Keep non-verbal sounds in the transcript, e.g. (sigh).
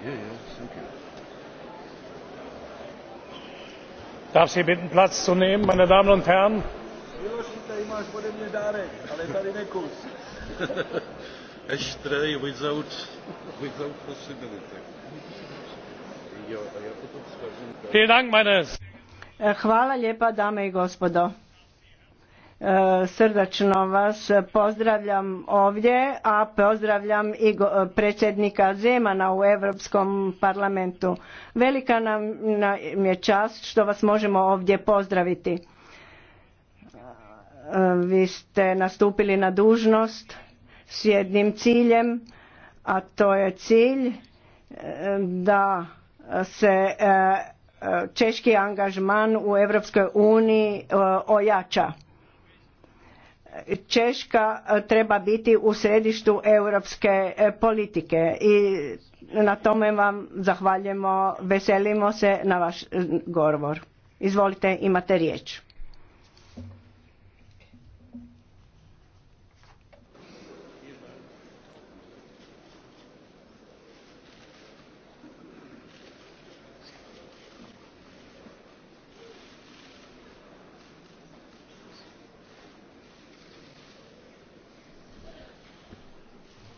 Ich Darf Sie bitten, Platz zu nehmen, meine Damen und Herren? (laughs) Vielen Dank, meine Hvala lijepa dame i gospodo. E, srdačno vas pozdravljam ovdje, a pozdravljam i e, predsjednika Zemana u Europskom parlamentu. Velika nam je čast što vas možemo ovdje pozdraviti. E, vi ste nastupili na dužnost s jednim ciljem, a to je cilj da se češki angažman u Europskoj uniji ojača Češka e, treba biti u središtu europske e, politike i na tome vam zahvaljujemo, veselimo se na vaš e, govor. Izvolite, imate riječ.